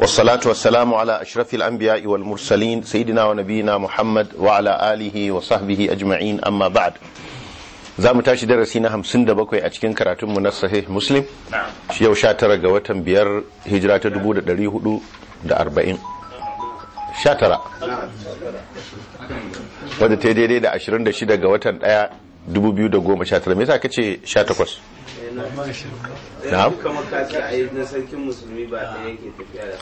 والصلاة والسلام على أشرف الأنبياء والمرسلين سيدنا ونبينا محمد وعلى آله وصحبه أجمعين أما بعد za mu tashi darasi na hamsin da bakwai a cikin karatunmu na sahih muslim shi yau sha tara ga watan biyar hijira ta dubu da dari hudu da arba'in sha tara wadda daidai da ashirin da watan daya dubu biyu da goma sha tara me ka ce sha takwas na'am kuma ka na sarkin musulmi ba yake tafiya da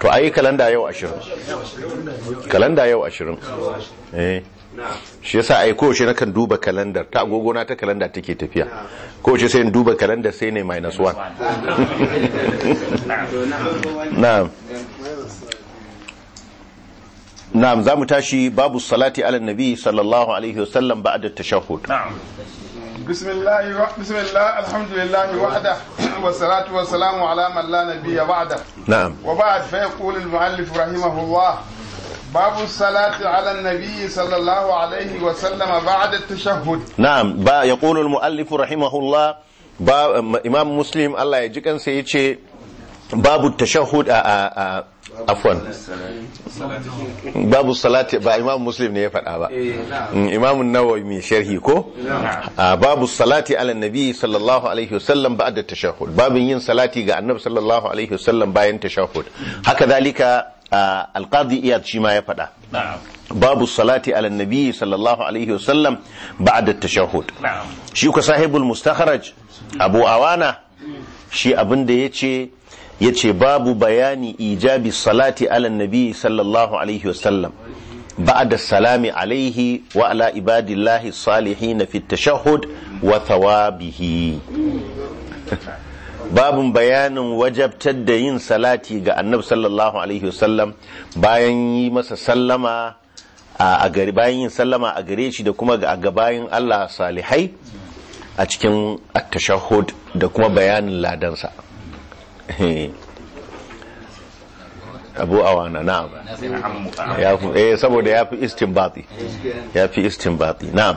kalanda to ai kalanda yau 20 kalanda yau 20 eh shi yasa ai ko shi kan duba kalandar ta agogona na ta kalanda take tafiya ko shi sai in duba kalandar sai ne minus 1 na'am na'am zamu tashi babu salati ala nabi sallallahu alaihi wasallam ba'da tashahhud na'am بسم الله و... بسم الله الحمد لله وحده والصلاة والسلام على من لا نبي بعده نعم وبعد فيقول المؤلف رحمه الله باب الصلاة على النبي صلى الله عليه وسلم بعد التشهد نعم با يقول المؤلف رحمه الله با إمام مسلم الله يجيكن سيتشي باب التشهد آآ آآ afwan babu salati ba imam muslim ne ya faɗa ba mm, imam nawawi mai sharhi ko ah, babu salati ala nabi sallallahu alaihi wasallam ba'da tashahhud babin yin salati ga annabi sallallahu alaihi wasallam bayan tashahhud haka zalika ah, alqadi iyad shi ma ya faɗa babu salati ala nabi sallallahu alaihi wasallam ba'da tashahhud shi ku sahibul mustakhraj abu awana shi abin da yace yace babu bayani ijabi salati ala nabi sallallahu alaihi wasallam ba'da salami alaihi wa ala ibadillahi salihin fi tashahhud wa thawabihi babun bayanin wajabtar da yin salati ga annabi sallallahu alaihi wasallam bayan yi masa sallama a gari bayan yin sallama a gare shi da kuma ga gabayin Allah salihai a cikin at-tashahhud da kuma bayanin ladansa abu awana na'am ya fi eh saboda ya fi istinbati ya fi istinbati na'am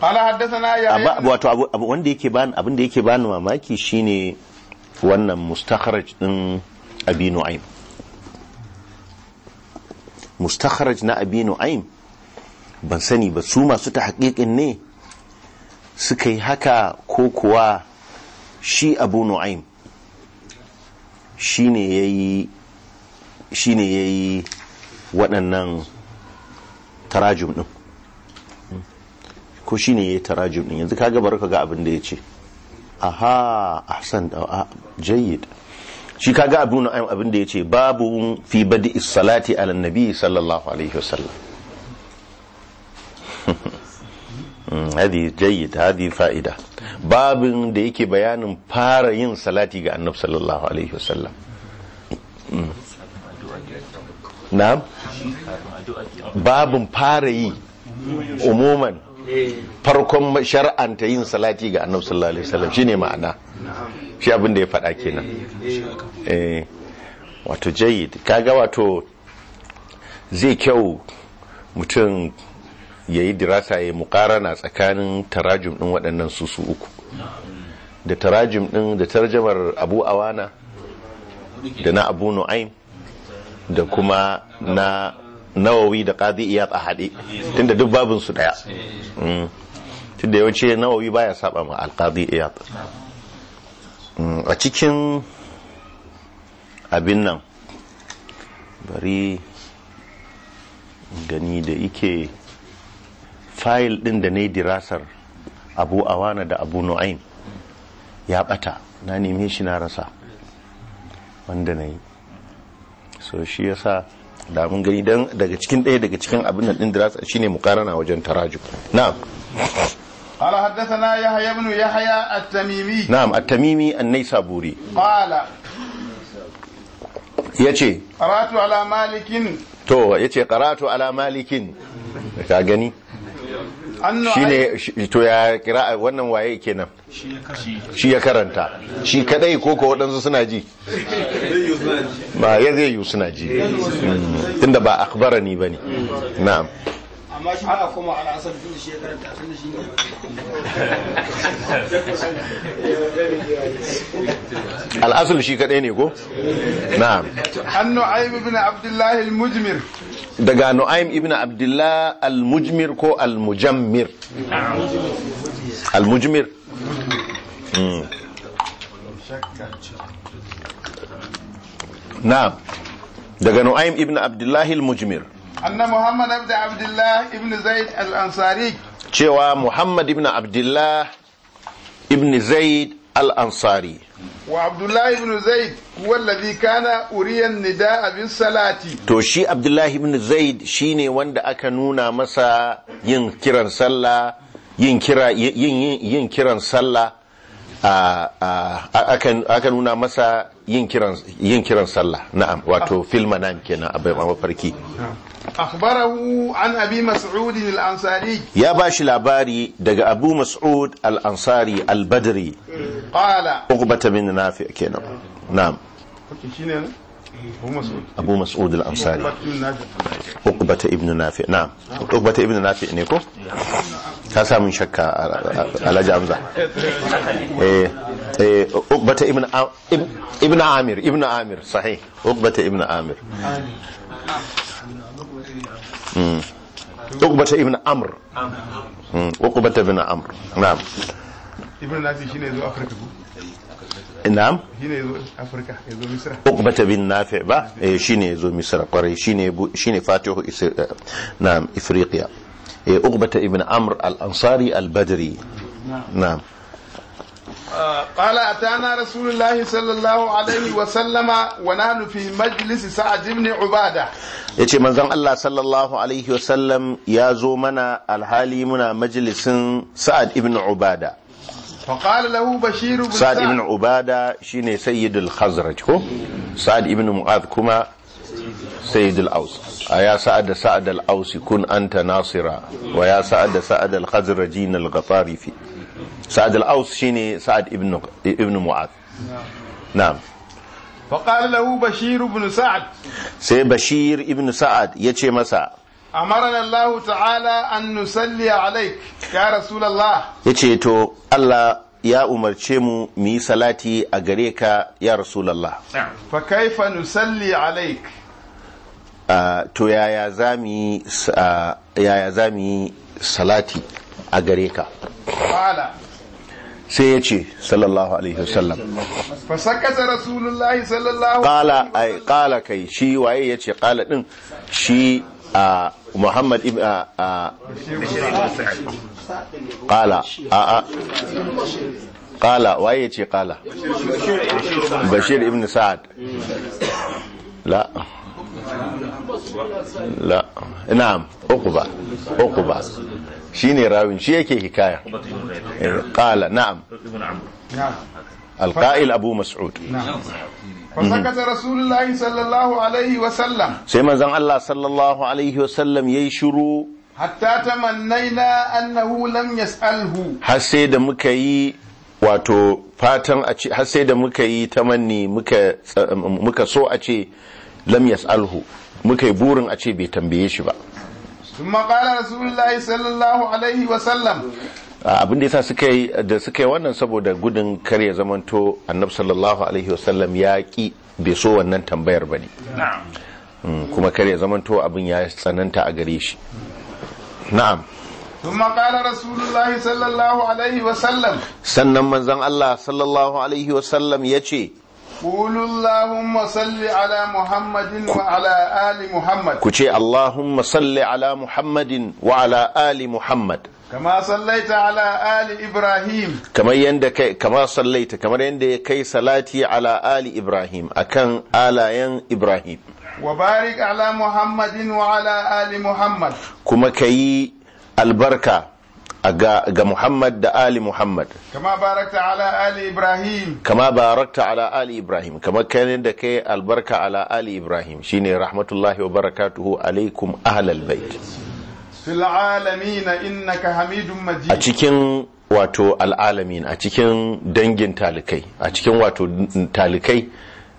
qala haddathana ya wato abu wanda yake bani abin da yake bani mamaki shine wannan mustakharaj din abi nu'aym mustakharaj na abi nu'aym ban sani ba su masu ta haƙiƙin ne suka yi haka ko kuwa shi abu nu'aim Shi ne ya yi waɗannan tarajum ɗin ko shi ne ya yi tarajum ɗin yanzu kaga baraka ga abin da ya ce aha ahsan jayyid shi kaga abin abin da ce babu fi badi salati ala nabi sallallahu alaihi wasallam hmm, hadi jayyid hadi fa'ida babin da yake bayanin fara yin salati ga annabi sallallahu alaihi wasallam na'am babin fara yi umuman farkon shar'anta yin salati ga annabi sallallahu alaihi wasallam shine ma'ana shi abin da ya faɗa kenan eh wato jayyid kaga wato zai kyau mutum ya yi dirasa ya mukarana tsakanin tarajim ɗin waɗannan su su uku da tarajim ɗin da tarjamar abu awana da na abu nu'aim da kuma na nawawi da ƙazi iya tsahaɗe haɗe tunda duk ɗaya mm. tunda yawanci nawawi baya saba ma alƙazi iya mm, a cikin abin nan bari gani da ike fayil din da na yi dirasar abu awana da abu nu'ain ya bata na neme shi na rasa wanda na yi so shi ya da mun gani don daga cikin ɗaya daga cikin abin da ɗin dirasa shine mukarana wajen taraju na'am قال حدثنا يحيى بن يحيى التميمي نعم التميمي النيسابوري قال yace قرات ala malikin to yace قرات ala malikin ka gani shine to ya kira wannan waye kenan shi ya karanta shi kadai ko ko wadansu suna ji ba ya zai yi suna ji hmm. tunda ba akbarani bane na'am amma shi ba koma ala asar tun shi ya karanta tun shi ne al'asul shi kadai ne ko na'am an nu'aym ibn abdullah al-mujmir daga nu'aim ibn abdullah al-mujmir ko al-mujammir al-mujmir hmm. na'am daga nu'aim ibn abdullah al-mujmir anna muhammad Abdi abdullah ibn zaid al-ansari cewa muhammad ibn abdullah ibn zaid al-ansari wa abdullah ibn zaid huwa alladhi kana uriyan nidaa abin salati to shi abdullah ibn zaid shine wanda aka nuna masa yin kiran sallah yin kira yin yin kiran sallah Akan nuna masa yin kiran sallah na'am wato fil manam kenan abai mafarki akhbarahu an abi mas'ud al-ansari ya bashi labari daga abu mas'ud al-ansari al-badri qala uqbata bin nafi kenan na'am shine abu mas'ud al-ansari uqbata ibn nafi na'am uqbata ibn nafi ne ko ka sa mun shakka alhaji amza eh eh uqbata ibn ibn amir ibn amir sahih uqbata ibn amir hmm. uqbata ibn amr hmm. uqbata ibn amr na'am ibn nafi shine zo afirka Na'am? Shine yazo Afirka, yazo Misra. Ukbata bin Nafi' ba, eh shine yazo Misra kwarai, shine shine fatihu eh, Na'am, Afriqiya. Eh, ibn Amr al-Ansari al-Badri. Na'am. قال أتانا رسول الله صلى الله عليه وسلم ونحن في مجلس سعد بن عبادة يتي من الله صلى فقال له بشير بن سعد بن عبادة شيني سيد الخزرج هو سعد بن معاذ كما سيد الأوس يا سعد سعد الأوس كن أنت ناصرا ويا سعد سعد الخزرجين الغطارفي سعد الأوس شيني سعد بن ابن معاذ نعم فقال له بشير بن سعد سي بشير ابن سعد يتشي مسا amarana Allah ta'ala an nusalli alaik ya rasulullah yace to Allah ya umarce mu mu yi salati a gare ka ya rasulullah fa kaifa nusalli alaik to yaya zami yaya zami salati a gare ka sai ya ce sallallahu alaihi wasallam fasakata rasulullahi sallallahu kala ai kala kai shi waye ya ce kala din shi a muhammad ibn a qala a a ce qala bashir ibn sa'ad la la na'am uqba uqba shine rawin shi yake hikaya qala na'am alƙa'il abu mas'ud fasakata rasulullahi sallallahu alaihi wasallam sai manzon Allah sallallahu alaihi wasallam yayi shiru hatta ta tamannaina annahu lam yas'alhu har sai da muka yi wato fatan a ce har sai da muka yi tamanni muka muka so a ce lam yas'alhu muka yi burin a ce bai tambaye shi ba Sun قال رسول sallallahu alaihi الله عليه abin da yasa suka yi da suka yi wannan saboda gudun kar ya zamanto annabi sallallahu alaihi wasallam ya ki bai so wannan tambayar bane mm, kuma kar ya zamanto abin ya tsananta a gare shi na'am ثم قال رسول الله صلى الله عليه وسلم سنن منزن الله صلى الله عليه وسلم يجي قولوا اللهم صل على محمد وعلى آل محمد كتي اللهم صل على محمد وعلى آل محمد kama sallaita ala ali ibrahim kamar yanda kai kama sallaita kamar yanda ya kai salati ala ali ibrahim akan alayen ibrahim wa barik ala muhammadin wa ala ali muhammad kuma kayi albarka ga Muhammad da Ali Muhammad. Kama barakta ala Ali Ibrahim. Kama barakta ala Ali Ibrahim. Kama kan yanda kai albarka ala Ali Ibrahim shine rahmatullahi wa barakatuhu alaikum ahlal bait. a cikin wato al'alamin a cikin dangin talikai a cikin wato talikai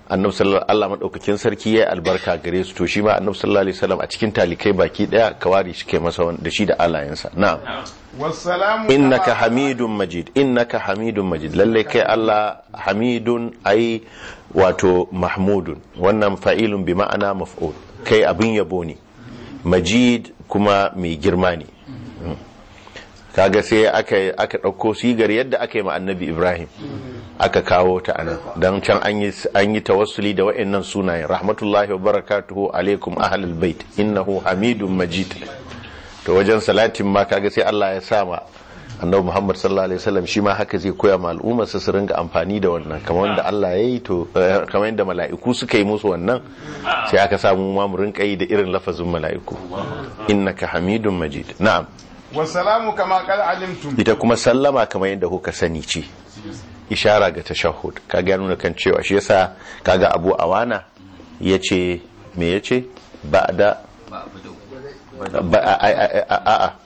annabi sallallahu Allah madaukakin sarki yayi albarka gare su to shi ma annabi sallallahu alaihi wasallam a cikin talikai baki daya kawari shi kai masa da shi da alayensa na'am wassalamu innaka hamidun majid innaka hamidun majid lalle kai Allah hamidun ai wato mahmudun wannan fa'ilun bi ma'ana maf'ul kai abin yabo ne majid kuma mai girma ne kaga sai aka ɗauko sigar yadda aka yi ma annabi Ibrahim aka kawo ta anan dan can an yi ta wasuli tawassuli da wayannan sunayen rahmatullahi wa barakatuhu alaikum ahlul bait innahu hamidun majid to wajen salatin ma kaga sai Allah ya sama annabi Muhammad sallallahu alaihi wasallam shi ma haka zai koya ma al'umma su su ringa amfani da wannan kamar yadda Allah ya yi to eh, kamar yadda mala'iku suka yi musu wannan sai aka samu ma mu rinka yi da irin lafazin mala'iku innaka hamidun majid na'am wa salamu kama qala alimtum ita kuma sallama kamar yadda kuka sani ce ishara ga tashahhud kaga ya nuna kan cewa shi yasa kaga Abu Awana yace me yace ba'da ba a'a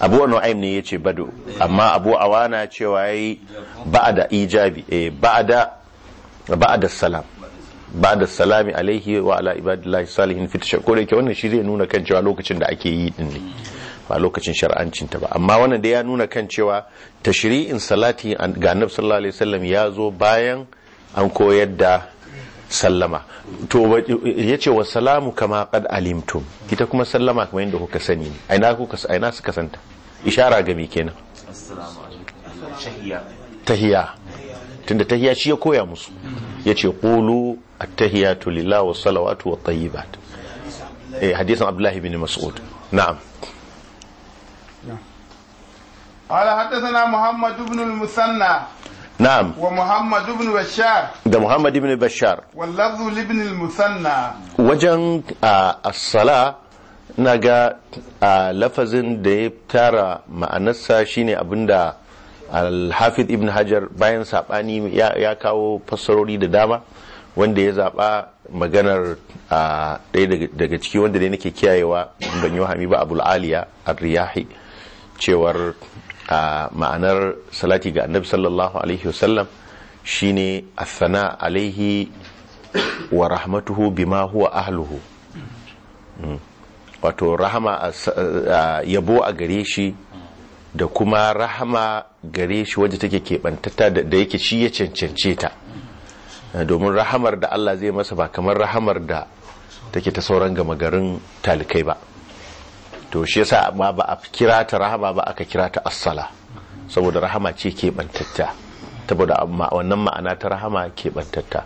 abu nu'aym ne ce bado amma abu awana cewa yayi ba'da ijabi eh ba'da ba'da salam ba'da salami alaihi wa ala ibadillahi salihin fita tashakkur da yake wannan shi zai nuna kan cewa lokacin da ake yi din ne ba lokacin shar'ancin ta ba amma wannan da ya nuna kan cewa tashri'in salati ga annabi sallallahu alaihi ya zo bayan an koyar da sallama to ce wa salamu kama kad alimtum ita kuma sallama kamar yadda kuka sani ne aina kuka aina santa ishara ga kenan tahiya tunda tahiya shi ya koya musu ya yace qulu at-tahiyatu lillahi was salawatu wat tayyibat eh hadisin abdullahi bin mas'ud na'am قال حدثنا محمد بن المثنى Na'am. ومحمد بن بشار ده محمد بن بشار واللفظ لابن المثنى وجن الصلاة naga a lafazin da ya tara ma'anarsa shine abin da hafiz ibn hajar bayan sabani ya kawo fassarori da dama wanda ya zaɓa maganar ɗaya daga ciki wanda ne nake kiyayewa ban yi hami ba abul aliya ar-riyahi cewar a ma'anar salati ga annabi sallallahu alaihi wasallam shine asana alaihi wa rahmatuhu bima huwa ahluhu hmm. wato rahama yabo a gare shi da kuma rahama gare shi wadda take keɓantata da yake shi ya cancance ta eh, domin rahamar da Allah zai masa ba kamar rahamar da take ta sauran gama garin talikai ba to shi yasa amma ba a kira ta rahama ba aka kira ta assala saboda rahama ce ke bantatta saboda wannan ma'ana ta rahama ke bantatta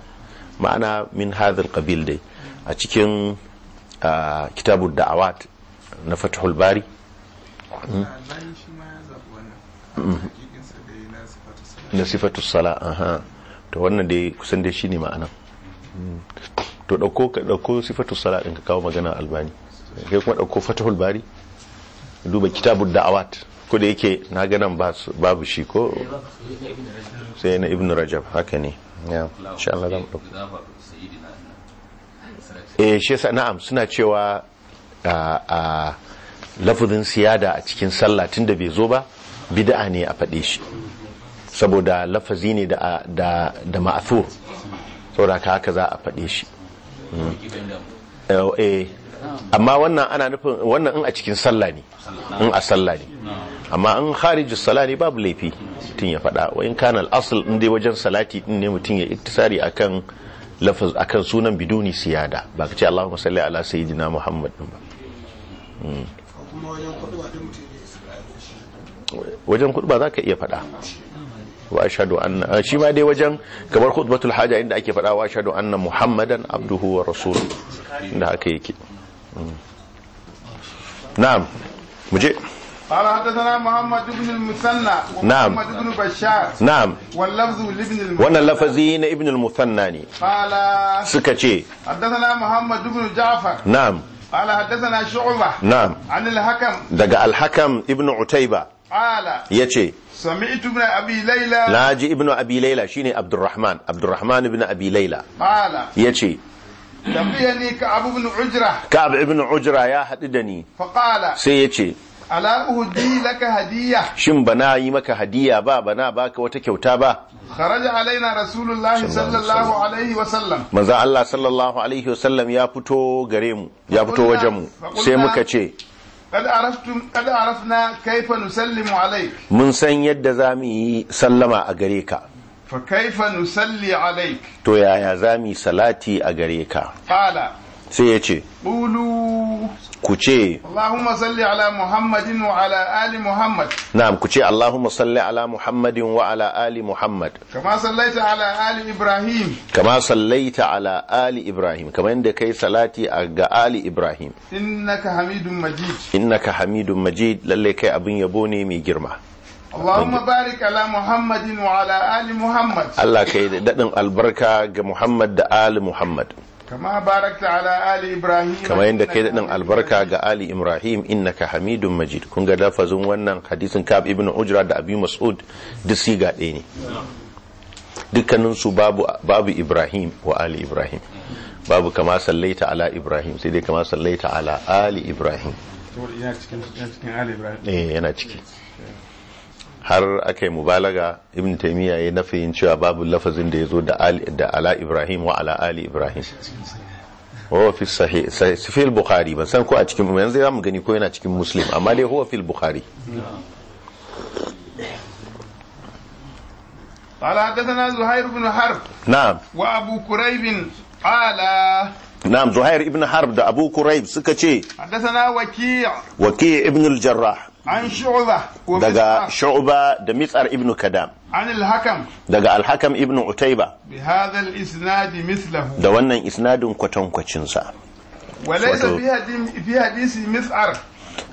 ma'ana min hadhal qabil dai a cikin kitabud da'awat na fathul bari hmm? Hmm. na sifatu sala aha to wannan dai kusan dai shine ma'ana hmm. to dauko dauko sifatu sala din ka kawo magana albani sai kuma ɗauko fatahul bari duba kitabun da'awat ko da yake na ganin babu shi ko sai na ibn rajab haka ne ya insha Allah zamu ɗauko eh shi yasa na'am suna cewa a lafudin siyada a cikin sallah tunda bai zo ba bid'a ne a faɗe shi saboda lafazi ne da da da saboda haka za a faɗe shi hmm. eh, eh. amma wannan ana nufin wannan in a cikin sallah ne in a sallah ne amma in kharijus sallah ne babu laifi mutum ya faɗa wa in kana al-asl in dai wajen salati din ne mutum ya iktisari akan lafaz akan sunan biduni siyada ba ka ce Allahumma salli ala sayyidina Muhammad din ba hmm. wajen kudu ba za ka iya faɗa wa ashhadu anna eh, shi ma dai wajen kamar khutbatul haja inda ake faɗa wa ashhadu anna muhammadan abduhu wa rasuluhu inda haka yake na'am muje قال حدثنا محمد بن المثنى نعم محمد بن بشار نعم واللفظ لابن المثنى وانا لفظي ابن المثنى قال سكتي حدثنا محمد بن جعفر نعم قال حدثنا شعبة نعم عن الحكم دقى الحكم ابن عتيبة قال يتي سمعت ابن أبي ليلى ناجي ابن أبي ليلى شيني عبد الرحمن عبد الرحمن ابن أبي ليلى قال يتي ka Ka abu bin abu كعب بن ya كعب da ni. يا Sai ya ce. ala uhdi laka hadiya shin bana yi maka hadiya ba bana baka wata kyauta ba kharaja alaina rasulullahi sallallahu alaihi wa sallam manzo Allah sallallahu alaihi wa sallam ya fito gare mu ya fito wajen mu sai muka ce kad araftum kad arafna kaifa nusallimu alaik mun san yadda zamu yi sallama a gare ka fa kaifa nusalli alaik to yaya za mu salati a gare ka qala sai ya ce ƙulu ku ce Allahumma salli ala Muhammadin wa ala ali Muhammad na'am ku ce Allahumma salli ala Muhammadin wa ala ali Muhammad kama sallaita ala ali Ibrahim kama sallaita ala ali Ibrahim kama inda kai salati ga ali Ibrahim In innaka hamidun majid innaka hamidun majid lallai kai abin yabo ne mai girma Allahumma barik ala Muhammadin wa ala ali Muhammad. Allah kai da dadin albarka ga Muhammad da ali Muhammad. Kama barakta ala ali Ibrahim. Kama yadda kai dadin albarka ga ali Ibrahim innaka Hamidum Majid. Kun ga lafazin wannan hadisin Ka'ab ibn Ujra da Abi Mas'ud duk siga ɗaya ne. Dukkanin su babu babu Ibrahim wa ali Ibrahim. Babu kama sallaita ala Ibrahim sai dai kama sallaita ala ali Ibrahim. Yana cikin Ali Ibrahim. Eh yana ciki. har aka yi mubalaga ibn taimiyya ya nafiyin cewa babu lafazin da ya zo da ala ibrahim wa ala ali ibrahim huwa fi sahih bukhari ban san ko a cikin yanzu za mu gani ko yana cikin muslim amma dai huwa fil bukhari Harb. حدثنا Wa Abu حرب Ala. وابو كريب Ibn Harb da Abu حرب suka ce. كريب سكتي wakiyar. Wakiyar Ibn al jarrah an shu'ba daga shu'ba da mitsar ibn kadam an al-hakam daga al-hakam ibn utayba bi hadha al-isnad mithluhu da wannan isnadin kwacin sa walaysa fi hadisi mitsar.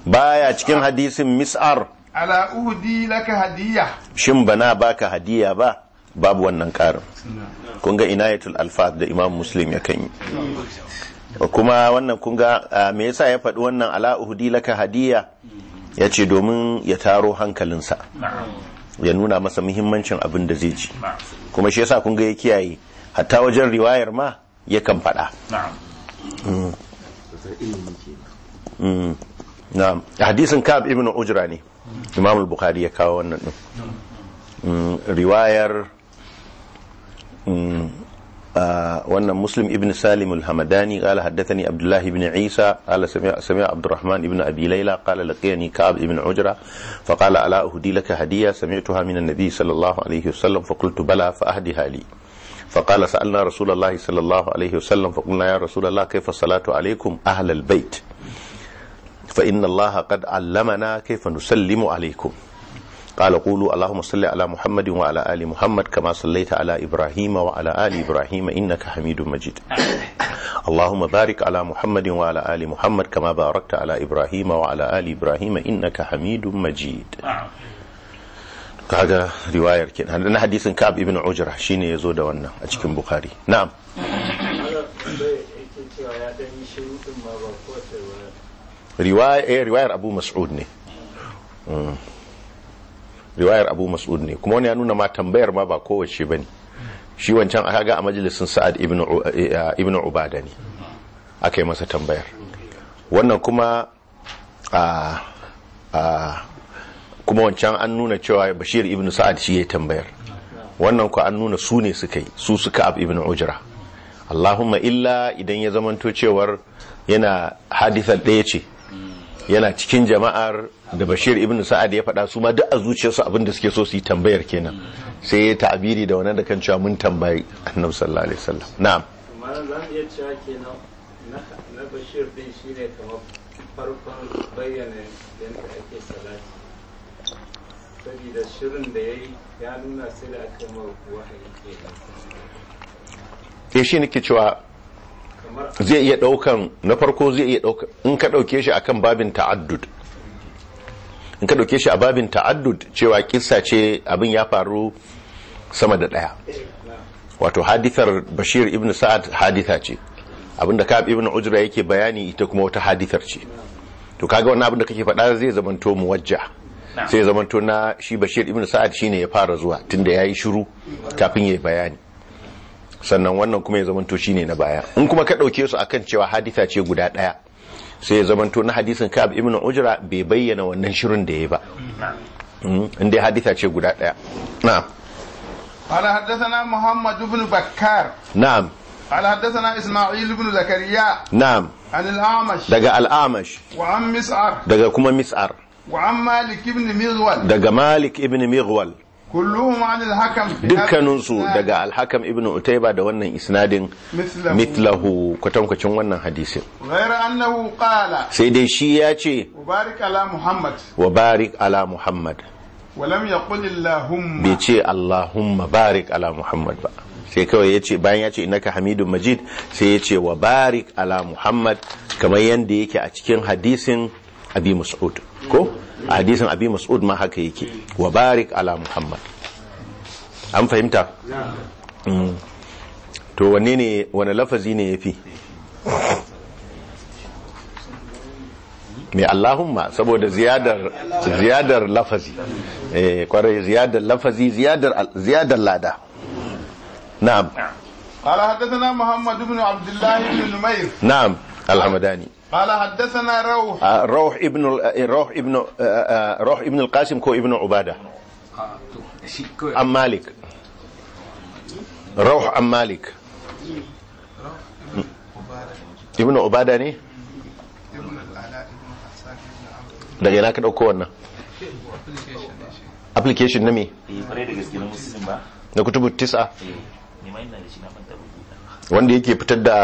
baya cikin hadisin mitsar. ala uhdi laka hadiya shin bana baka hadiya ba babu wannan karin kun ga inayatul alfat da imam muslim ya kan yi kuma wannan kun ga me yasa ya faɗi wannan ala uhdi laka hadiya ya ce domin ya taro hankalinsa ya nuna masa muhimmancin abin da zai ci. kuma shi yasa kun ga ya kiyaye hatta wajen riwayar ma yakan faɗa na'am mm. Mm. hadisin kab ibn ujra ne imam al-bukhari ya kawo wannan din mm. riwayar wannan muslim ibn salim al-hamadani qala haddathani abdullah ibn isa qala sami'a sami'a abdurrahman ibn abi layla qala laqiyani ka'ab ibn ujra fa qala ala uhdi laka hadiyya sami'tuha min an-nabi sallallahu alayhi wa sallam fa qultu bala fa ahdi hali fa qala sa'alna rasulullah sallallahu alayhi wa sallam fa qulna ya rasulullah kayfa salatu alaykum ahlal bayt fa inna allaha qad allamana kayfa nusallimu alaykum قال قولوا اللهم صل على محمد وعلى آل محمد كما صليت على إبراهيم وعلى آل إبراهيم إنك حميد مجيد اللهم بارك على محمد وعلى آل محمد كما باركت على إبراهيم وعلى آل إبراهيم إنك حميد مجيد kaga riwayar ke na hadisin ka'ab ibn ujra shine yazo da wannan a cikin bukhari na'am riwayar abu mas'ud ne riwayar abu mas'ud ne kuma wani ya nuna ma tambayar ma ba kowace ba ne shi wancan aka ga a majalisin sa'ad ibn eh, ubada ne aka yi masa tambayar wannan kuma a kuma wancan an nuna cewa bashir ibn sa'ad shi ya tambayar wannan ku an nuna su ne suka yi su suka ab ibn ujra allahumma illa idan ya zamanto cewar yana hadithar ɗaya ce yana cikin jama'ar da bashir ibn sa'ad ya faɗa su ma duk a zuciyarsu abin da suke so su yi tambayar kenan sai ya ta'abiri da wannan da kan cewa mun tambayi annabi sallallahu alaihi wasallam na'am amma zan iya cewa kenan na bashir din shine kamar farkon bayyana yadda ake salati saboda shirin da yayi ya nuna sai da aka ma wahayi kenan eh shi nake cewa zai iya daukan na farko zai iya daukan in ka dauke shi akan babin ta'addud in ka ɗauke shi a babin ta'addud cewa kissa ce abin ya faru sama da ɗaya wato hadithar bashir ibn sa'ad haditha ce abinda ka'ab ibn ujra yake bayani ita kuma wata hadithar ce to kaga wannan abin da kake faɗa zai zamanto muwajja sai zamanto na shi bashir ibn sa'ad shine ya fara zuwa tunda yayi shiru kafin yayi bayani sannan wannan kuma ya zamanto shine na baya in kuma ka ɗauke su akan cewa haditha ce guda ɗaya. sai ya zamanto na hadisin ka'ab ibn ujra bai bayyana wannan shirin da ya ba mm, inda hadisa ce guda daya na'am ala haddathana muhammad ibn bakkar na'am ala haddathana isma'il ibn zakariya na'am an al-amash daga al-amash wa an mis'ar daga kuma mis'ar wa an malik ibn Mirwal. daga malik ibn Mirwal. dukkaninsu daga الحكم ابن عتيبة da wannan isnadin mitlahu kwatankwacin wannan hadisin sai dai shi ya ce على محمد ala muhammad اللهم ce اللهم barik ala muhammad ba sai kawai ya ce bayan ya ce inaka hamidun majid sai ya ce wa barik ala muhammad kamar yadda yake a cikin hadisin abi mas'ud ko a hadisin abi mas'ud ma haka yake wa barik ala muhammad an fahimta mm. to wanne ne wani lafazi ne yafi mai allahumma saboda ziyadar ziyadar lafazi eh kwarai ziyadar lafazi ziyadar ziyadar lada na'am قال حدثنا محمد بن عبد الله بن نمير نعم الحمداني قال حدثنا روح روح ابن روح ابن روح ابن القاسم كو ابن عباده عن مالك روح عن مالك ابن عباده ني da gina ka dauko wannan application na me na kutubu tisa wanda yake fitar da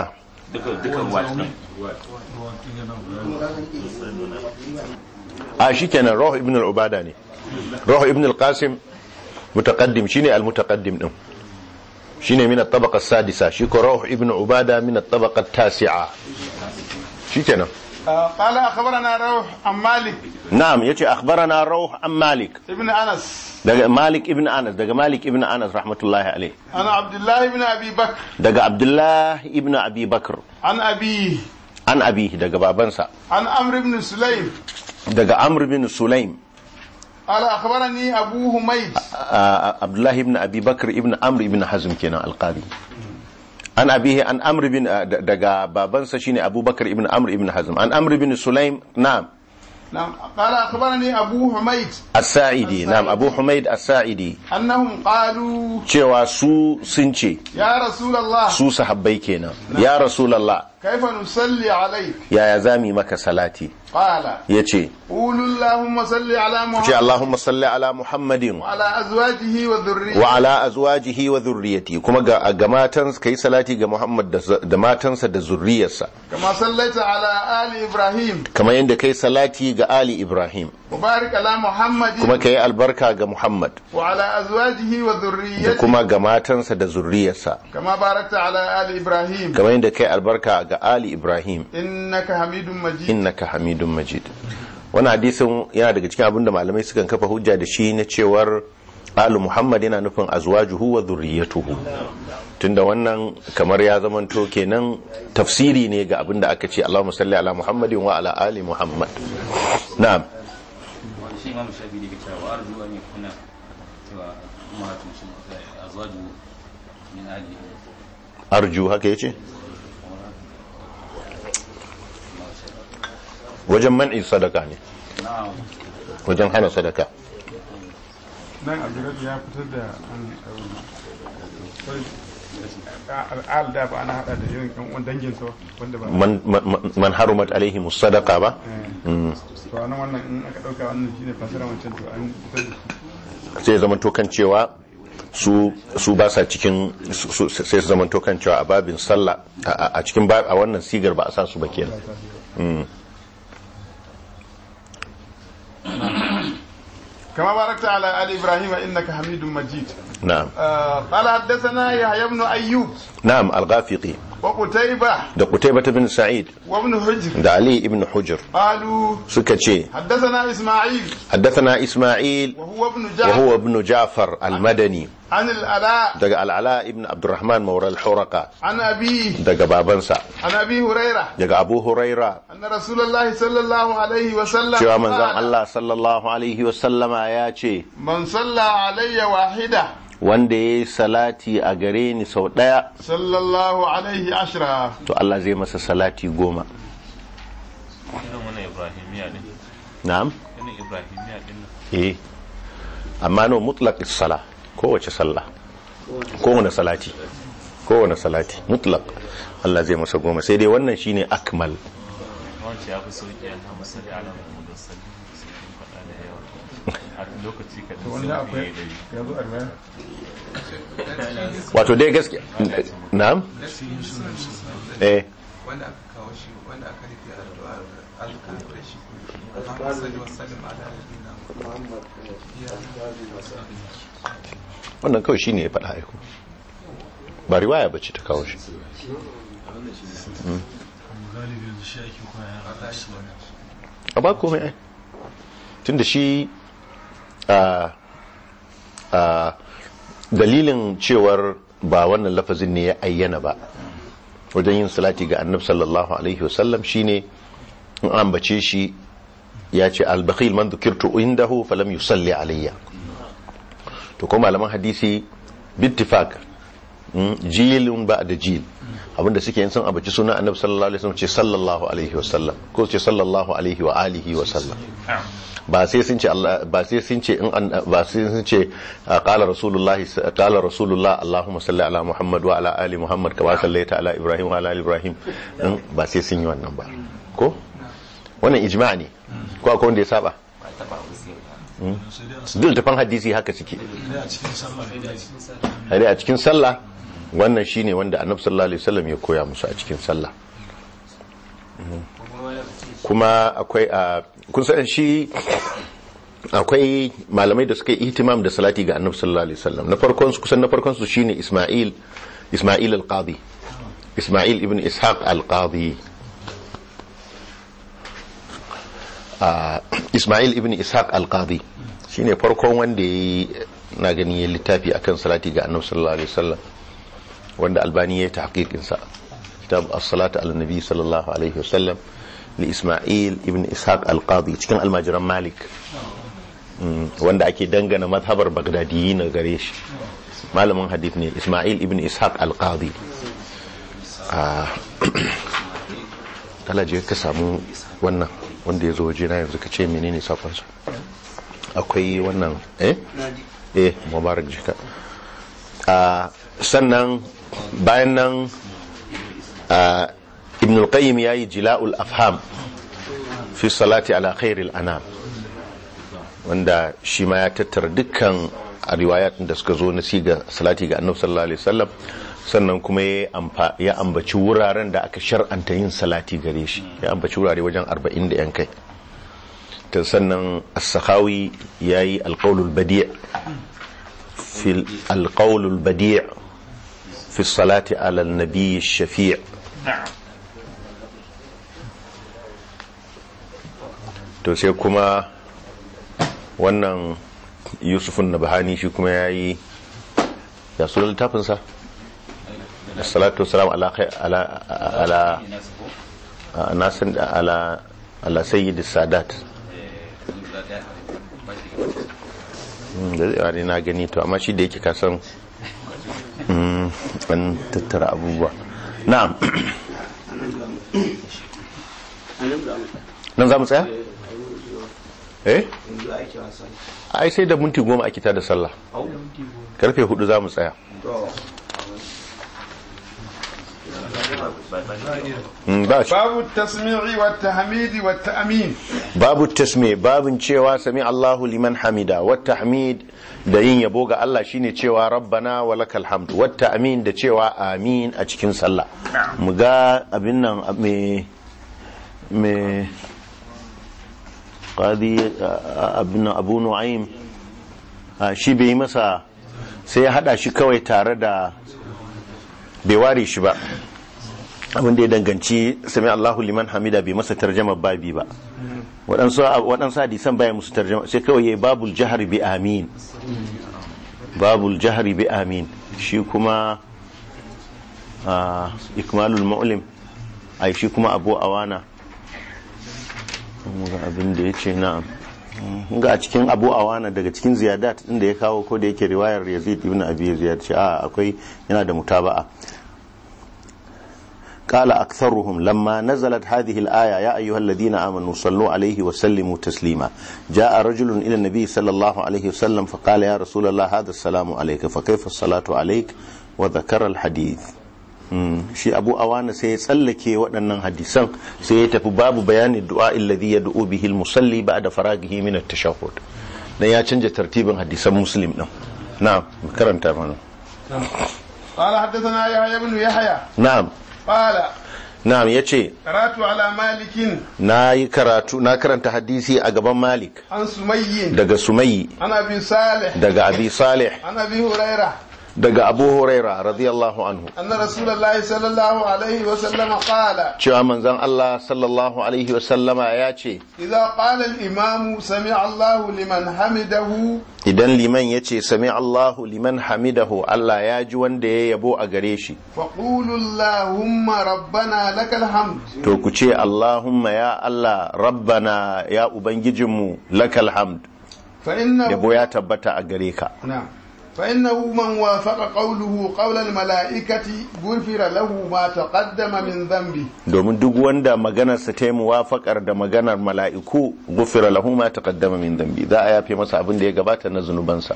dukan wat din a ah, shikenan rahu ibn AlUbada ne rahu ibn al-qasim shi ne al-mutaqaddim din shine min at-tabaqa as-sadisa shi ko rahu ibn ubada mina at-tabaqa at-tasi'a shikenan قال اخبرنا روح عن مالك نعم يجي اخبرنا روح عن مالك ابن انس دقى مالك ابن انس دقى مالك ابن انس رحمه الله عليه انا عبد الله ابن ابي بكر دقى عبد الله ابن ابي بكر عن ابي عن ابي دقى بابنسا عن امر بن سليم دقى امر بن سليم قال اخبرني ابو حميد عبد الله ابن ابي بكر ابن امر ابن حزم كنا القاضي an abihi an amr bin daga babansa shine abubakar ibn amr ibn hazm an amr bin sulaim na'am نعم قال أخبرني أبو حميد الساعدي نعم أبو حميد الساعدي أنهم قالوا شوى سو سنشي يا رسول الله سو صحبيكينا يا رسول الله kaifa nusalli alaik yaya zami maka salati qala yace ulullahumma salli ala muhammad ce allahumma salli ala muhammadin wa ala azwajihi wa dhurriyyati wa ala azwajihi wa dhurriyyati kuma ga ga matan kai salati ga muhammad da matansa da zurriyarsa kama sallaita ala ali ibrahim kama yanda kai salati ga ali ibrahim وبارك على محمد كما كي البركة على محمد وعلى أزواجه وذريته كما جماعتن سد ذريته كما باركت على آل إبراهيم كما عند البركة على آل إبراهيم إنك حميد مجيد إنك حميد مجيد wani hadisin yana daga cikin abinda malamai sukan kafa hujja da shi na cewar alu muhammad yana nufin azwajuhu wa zurriyatuhu tunda wannan kamar ya zamanto kenan tafsiri ne ga abinda aka ce allahumma salli ala muhammadin wa ala ali muhammad na'am shi imam shafi da kyakkyawa wa arzu an kuna cewa kuma hatun shi a azwaju min ali arju haka yace wajen man'i sadaka ne wajen hana sadaka nan a ya fitar da an al'al ba ana hada da irin ba man harumat alaihi musadaqa ba sai zaman to cewa su su ba sa cikin sai su zaman cewa a babin sallah a cikin a wannan sigar ba a sa su ba kenan كما باركت على آل إبراهيم إنك حميد مجيد نعم آه قال حدثنا يحيى بن أيوب نعم الغافقي وقتيبة ده قتيبة بن سعيد وابن حجر ده علي بن حجر قالوا سكتشي حدثنا إسماعيل حدثنا إسماعيل وهو ابن جعفر وهو ابن جعفر المدني عن العلاء دق العلاء ابن عبد الرحمن مولى الحرقة عن أبيه دق بابنسا عن أبي هريرة دق أبو هريرة أن رسول الله صلى الله عليه وسلم شو من زم الله صلى الله عليه وسلم آياتي من صلى علي واحدة wanda ya yi salati a gare ni sau ɗaya sallallahu alaihi ashira to Allah zai masa salati goma na'am eh amma no mutlaq sala kowace sallah kowane salati kowane salati mutlaq Allah zai masa goma sai dai wannan shine akmal wato dai gaskiya na'am eh wanda aka shi wanda wannan kawai ne ya faɗa aiko ba riwaya bace ta kawo shi hmm? a ba komai ai tun da shi a dalilin cewar ba wannan lafazin ne ya ayyana ba wajen yin salati ga annabi sallallahu alaihi wasallam shine in ambace shi ya ce albakhil man dhukirtu indahu falam salli alayya to kuma malaman hadisi bittifaq hmm, jilun ba da jil abinda suke yin sun abaci suna annabi sallallahu alaihi wasallam ce sallallahu alaihi wasallam ko ce sallallahu alaihi wa alihi wasallam ba sai sun ce ba sai sun ce in ba sai sun ce ah, qala rasulullah qala rasulullah allahumma salli ala muhammad wa ala ali muhammad kama sallaita ala ibrahim wa ala ali ibrahim ba sai sun yi wannan ba ko wannan ijma' ne ko akwai wanda ya saba hmm? duk tafan hadisi haka ciki hari a cikin sallah wannan shi ne wanda annabi sallallahu alaihi wasallam ya koya musu a cikin sallah kuma akwai a kun san shi akwai malamai da suka yi ihtimam da salati ga annabi sallallahu alaihi wasallam na farkon su kusan na farkon su shine Isma'il Isma'il al-Qadi Isma'il ibn Ishaq al-Qadi Isma'il ibn Ishaq al-Qadi shine farkon wanda yayi na gani ya littafi akan salati ga annabi sallallahu alaihi wasallam wanda albani ya tahqiqinsa kitab as-salatu ala nabi sallallahu alaihi wasallam li isma'il ibn ishaq al-qadi cikin almajiran malik mm, wanda ake dangana mazhabar bagdadiyi na gare shi malamin hadith ne isma'il ibn ishaq al-qadi ah, talaje ka samu wannan wanda ya zo jina yanzu ka ce menene sakonsa akwai wannan eh eh mubarak jika ah, sannan bayan nan ibn al-qayyim yi jila'ul afham fi salati ala khairil anam wanda shi ma ya tattara dukkan riwayat da suka zo na siga salati ga annabi sallallahu alaihi wasallam sannan kuma ya ambaci wuraren da aka shar'anta yin salati gare shi ya ambaci wurare wajen 40 da yan kai ta sannan as-sakhawi yayi al-qaulul badi' al في الصلاة على النبي الشفيع to sai kuma wannan Yusuf na bahani shi kuma ya yi ya su littafinsa salatu salam ala sayyidi sadat hmm, da zai na gani to amma shi da yake kasan Mm, an tattara abubuwa na'am nan za mu tsaya? eh? ai sai da minti goma a kita da sallah karfe hudu za mu tsaya babu tasmi'i wa tahmidi wa ta'min babu tasmi babin cewa sami Allahu liman hamida wa tahmid da yin yabo ga Allah shine cewa rabbana wa lakal hamd wa ta'min da cewa amin a cikin sallah mu ga abin nan me me qadi abin abu nu'aim shi bai masa sai ya hada shi kawai tare da bai ware shi ba abin da ya danganci sami Allahu liman hamida bai masa tarjama babi ba waɗansu hadisan baya musu tarjama sai kawai yi babul jihar bi amin babul jihar bi amin shi kuma ikmalul mu'lim ai shi kuma abu awana abin da ya ce na'am ga a cikin abu awana daga cikin ziyadat inda da ya kawo ko da yake riwayar yazid ibn abu ya shi a akwai yana da mutaba'a qala ruhun lamma nazalat zalat al-aya ya ayyuhalladhina amanu sallu alayhi wa sallimu taslima jaa rajulun ila an-nabi sallallahu alayhi wa sallam fa ya rasulullah hadha as-salamu alayka fa kayfa as-salatu wa dhakara hadith Mm. shi abu awana sai ya tsallake waɗannan hadisan sai ya tafi babu bayani du'a illazi yad'u bihi al-musalli ba'da faragihi min at-tashahhud dan ya canja tartibin hadisan muslim din na'am karanta mana na'am qala hadathana yahya ibn yahya na'am qala na'am ce. karatu ala malikin Na yi karatu na karanta hadisi a gaban malik an sumayyi daga sumayyi ana bi salih daga abi salih ana bi huraira daga abu huraira radiyallahu anhu anna rasulullahi sallallahu alaihi wa sallama qala cewa manzon Allah sallallahu alaihi wa sallama ya ce idza qala al imamu sami Allahu liman hamidahu idan liman yace sami Allahu liman hamidahu Allah ya ji wanda ya yabo a gare shi fa qulu allahumma rabbana lakal hamd to ku ce allahumma ya Allah rabbana ya ubangijinmu lakal hamd yabo ya tabbata a gare ka na'am فإنه من وافق قوله قول الملائكة غفر له ما تقدم من ذنبه دومن duk wanda maganar sa ta دا da maganar غفر له ما تقدم من ذنبه ذا za في مسا ابن دي غباتا ya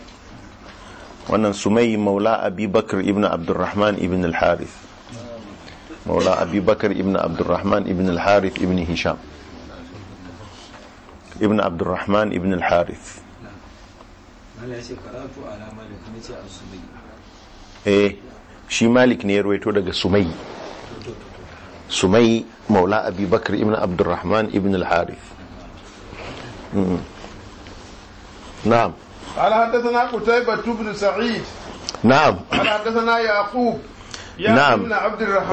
wannan sumai maula abi bakr ibn abdurrahman ibn al-harith maula abi bakr ibn abdurrahman ibn al-harith ibn hisham ibn abdurrahman ibn al-harith eh shi malik ne ya ruwaito daga sumai sumai maula abi ibn abdurrahman ibn al harif mm. na'am قال حدثنا قتيبة بن سعيد نعم قال حدثنا يعقوب نعم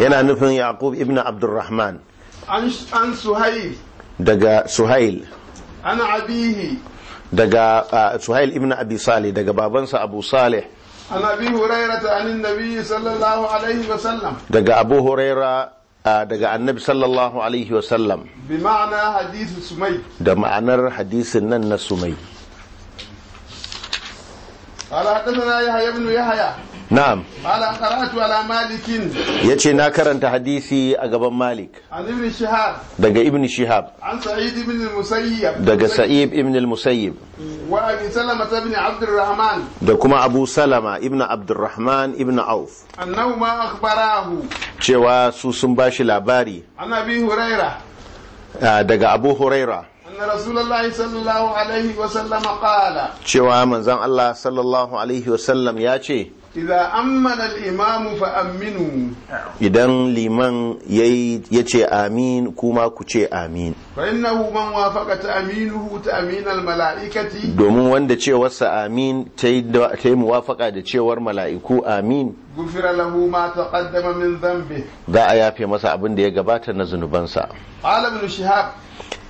yana nufin yaqub ibn abdurrahman an suhail daga suhail an abihi daga suhail ibn abi salih daga babansa abu salih an abi huraira ta anin nabi sallallahu alaihi wa sallam. daga abu huraira daga annabi sallallahu alaihi wa sallam. bi ma'ana hadisi sumai da ma'anar hadisin nan na sumay. قال حدثنا يحيى بن يحيى na'am malikin yace na karanta hadisi a gaban malik an ibn shihab daga ibn shihab an sa'id ibn daga sa'ib ibn musayyib wa da kuma abu salama ibn abd ibn auf cewa su sun bashi labari an abi daga abu huraira cewa manzan Allah sallallahu alaihi wa ya ce idza ammana al’imamu imamu fa aminu idan liman ya ce amin kuma ku ce amin fa innahu man aminu ta'minuhu ta al-mala'ikati domin wanda cewarsa amin ta yi muwafaka da cewar mala'iku amin gufira lahu ma taqaddama min zambe za a yafe masa abin da ya gabata na zunubansa qala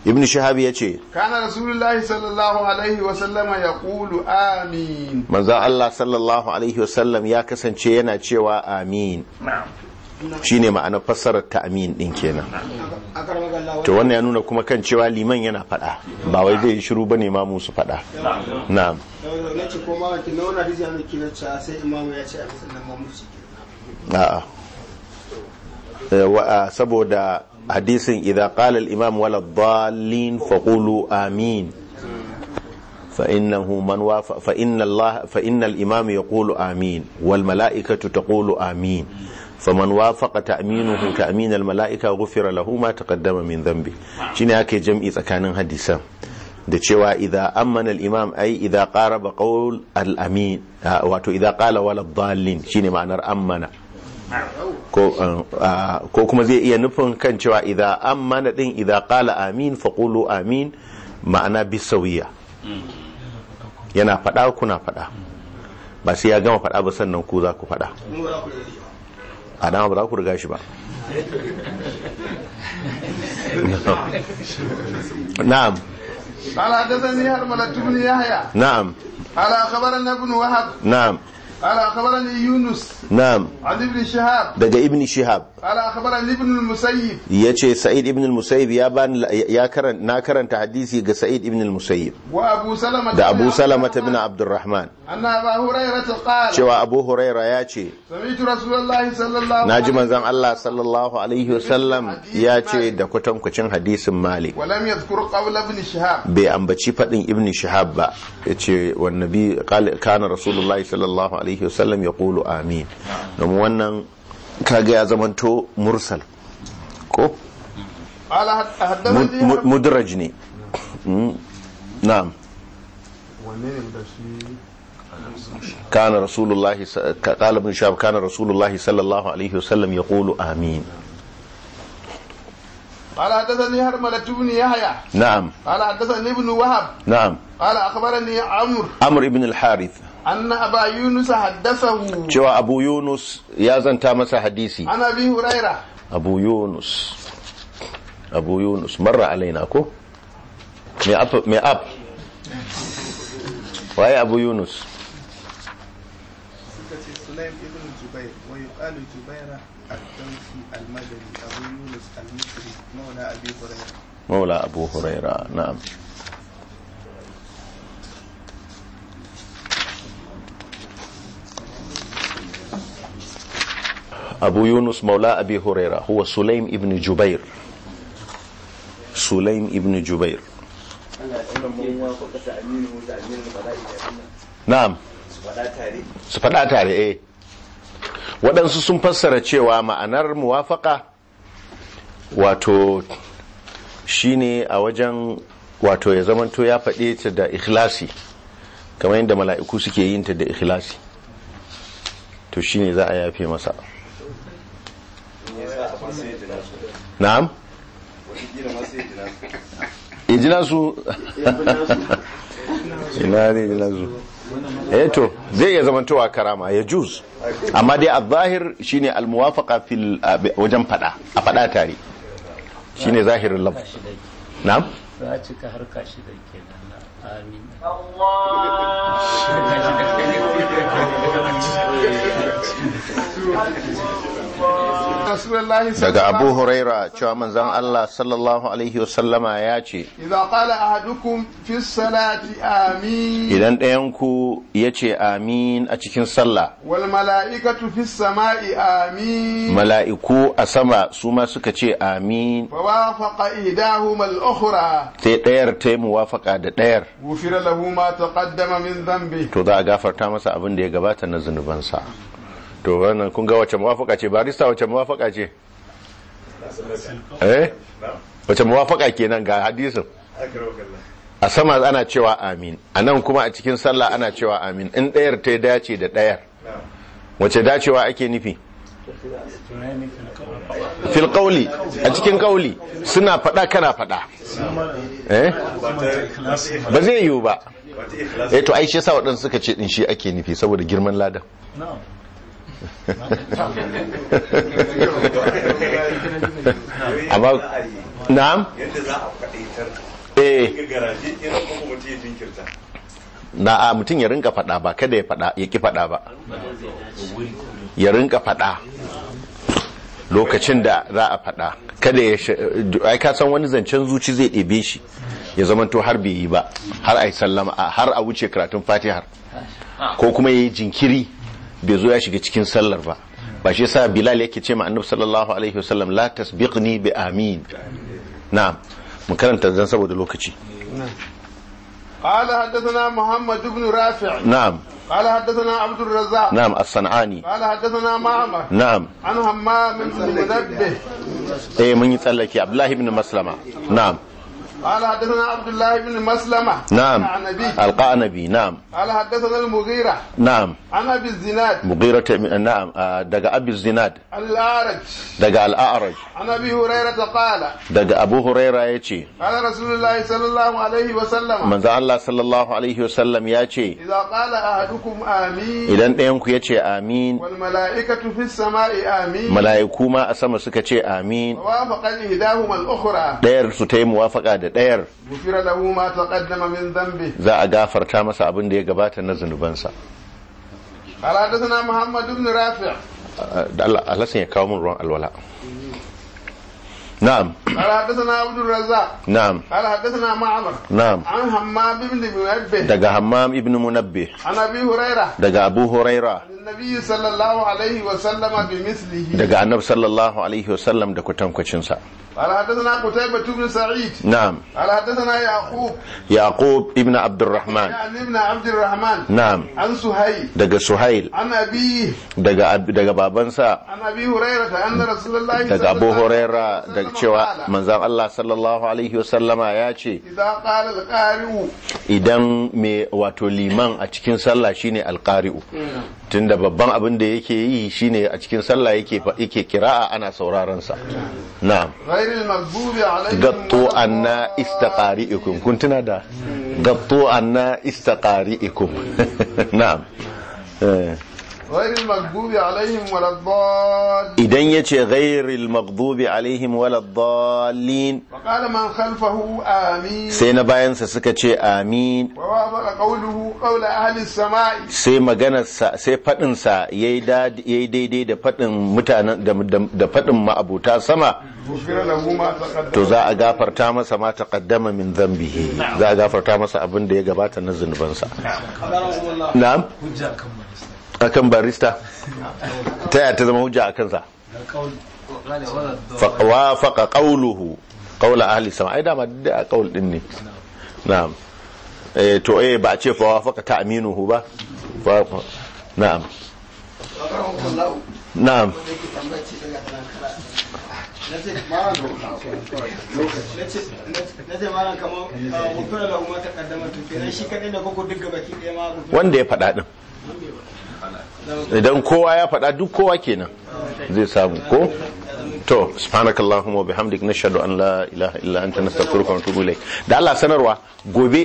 ibn shahab ya ce kana rasulullahi sallallahu alaihi wasallama ya kulu amin manzan allah sallallahu alaihi sallam ya kasance yana cewa amin shi ne ma'anar fassarar ta amin din kenan to wannan ya nuna kuma kan cewa liman yana fada ba wai zai shiru ba ne ma musu fada na'am a'a eh, saboda hadisin idza qala al imam wala dallin faqulu amin fa innahu man wafa fa inna allah fa inna amin wal malaikatu taqulu amin faman wafaqa ta'minuhu ta'min al malaika ghufira lahu ma taqaddama min dhanbi shine ake jam'i tsakanin hadisan da cewa idza imam ai idza qaraba qawl al ah, wato idza qala wala dallin shine ma'anar amana Uh, uh, ko kuma zai iya nufin kan cewa idan mana din idan kala amin faqulu amin ma'ana bi sauya. yana fada kuna fada ba sai ya gama fada ba sannan ku za ku fada a dama ba za ku riga shi ba na'am قال حدثني هرملة بن يحيى na'am ala khabaran ابن wahab Na'am. قال أخبرني يونس نعم عن ابن شهاب دقى ابن شهاب Ya ce Sa'id Ibn al سعيد ya المسيب ya ga Sa'id Ibn al وابو da abu salama ta bin abdurrahman cewa abu huraira ya ce na ji manzan Allah sallallahu alaihi wasallam ya ce da kwatankwacin hadisin malik bai ambaci faɗin ibn shihab ba ya ce wannabi kana rasulullah sallallahu alaihi wasallam ya kulu amin kaga ya zamanto mursal ko mudraj ne na'am كان رسول الله س... قال ابن شهاب كان رسول الله صلى الله عليه وسلم يقول امين قال حدثني هرملة بن يحيى نعم قال حدثني ابن وهب نعم قال اخبرني عمرو عمرو بن الحارث anna aba yunus haddathahu cewa abu yunus ya zanta masa hadisi ana bi huraira abu yunus abu yunus mara alaina ko me up me waye abu yunus abu yunus mawla abu huraira na'am abu yunus maula abi huraira huwa sulaim ibn jubair sulaim ibn jubair na'am su faɗa tare eh waɗansu sun fassara cewa ma'anar muwafaqa wato shine a wajen wato ya zamanto ya faɗeta ta da ikhlasi kamar yadda mala'iku suke yin ta da ikhlasi to shine za a yafe masa na'am ijina su ina ne ijina su Eto, eh to zai iya zamantowa karama ya juz amma dai a zahir shi ne almuwafaka fil wajen fada a fada tare ne zahirin lab na'am za a cika harka shi da kenan amin Allah daga abu huraira cewa manzan Allah sallallahu alaihi wasallama ya ce idan ɗayanku ya ce amin a cikin sallah mala'iku a sama su ma suka ce amin sai ɗayar ta yi muwafaka da ɗayar to za a gafarta masa abin da ya gabata na zunubansa to wannan kun ga wace muwafaka ce barista wace muwafaka ce eh wace muwafaka kenan ga hadisin a sama ana cewa amin a nan kuma a cikin sallah ana cewa amin in dayar ta dace da dayar wace dacewa ake nufi fil kauli a cikin kauli suna faɗa kana faɗa eh ba zai yiwu ba eh to ai sa yasa waɗansu suka ce din shi ake nufi saboda girman ladan amma na'am yadda za a eh garaje ina kuma mutum ya jinkirta na a mutum ya rinka faɗa ba kada ya faɗa ya ki faɗa ba ya rinka faɗa lokacin da za a faɗa kada ya ai ka san wani zancen zuci zai ɗebe shi ya zama to har bai yi ba har a yi sallama har a wuce karatun fatihar ko kuma ya yi jinkiri bai zo ya shiga cikin sallar ba ba shi yasa bilal yake ce ma annabi sallallahu alaihi wasallam la tasbiqni bi amin na'am mun karanta dan saboda lokaci قال حدثنا محمد بن رافع نعم قال حدثنا عبد الرزاق نعم الصنعاني قال حدثنا معمر نعم عن همام بن من عبد الله بن مسلمه نعم قال حدثنا عبد الله بن مسلمة نعم القعنبي نعم قال حدثنا المغيرة نعم عن أبي الزناد مغيرة نعم دقى أبي الزناد الأعرج دقى الأعرج عن أبي هريرة قال دقى أبو هريرة يتي قال رسول الله صلى الله عليه وسلم من ذا الله صلى الله عليه وسلم يتي إذا قال أحدكم آمين إذا أنت يتي آمين والملائكة في السماء آمين ملائكو ما أسمى سكتي آمين وافق إهداهما الأخرى دير ستيم وافق ɗayar fira da wuma ta kaddama min dambi. za'a masa abin da ya gabata na zunubansa sa. ala aduna muhammadu ni da alasani ya kawo min ruwan alwala. نعم قال حدثنا عبد الرزاق نعم قال حدثنا معمر نعم عن حمام بن منبه دقى حمام ابن منبه عن ابي هريره دقى ابو هريره عن النبي صلى الله عليه وسلم بمثله دقى النبي صلى الله عليه وسلم دقى تنكوشنسا قال حدثنا قتيبة بن سعيد نعم قال حدثنا يعقوب يعقوب ابن عبد الرحمن يعني ابن عبد الرحمن نعم عن سهيل دقى سهيل عن أبيه دقى أب... دقى بابنسا عن أبي هريرة أن رسول الله دقى أبو هريرة دقى cewa manzan Allah sallallahu alaihi wasallama ya ce idan mai wato liman a cikin sallah shine alqari'u tunda babban abin da yake yi shine a cikin sallah yake yake kira'a ana sauraron sa na'am ghairil anna istaqari'ikum kun tuna da gattu anna istaqari'ikum na'am eh. Idan ya ce idan yace ghairil maghdubi alaihim waladdallin sai na bayansa suka ce amin sai maganarsa sa sai fadinsa ya yi daidai da fadin mutanen da fadin ma'abuta sama to za a gafarta masa ma taqaddama min dhanbihi za a gafarta masa abin da ya gabata na zunubansa na'am akan barista ta yaya ta zama hujja a kansa wa faqa qawluhu qawla ahli sama ai dama da qawl din ne na'am eh to eh ba a ce fa wafaqa ta'minuhu ba na'am na'am na na wanda ya faɗa ɗin idan kowa ya faɗa duk kowa kenan zai samu ko to subhanakallahumma bihamdik nashhadu an la ilaha illa anta nastaghfiruka wa natubu ilayk da Allah sanarwa gobe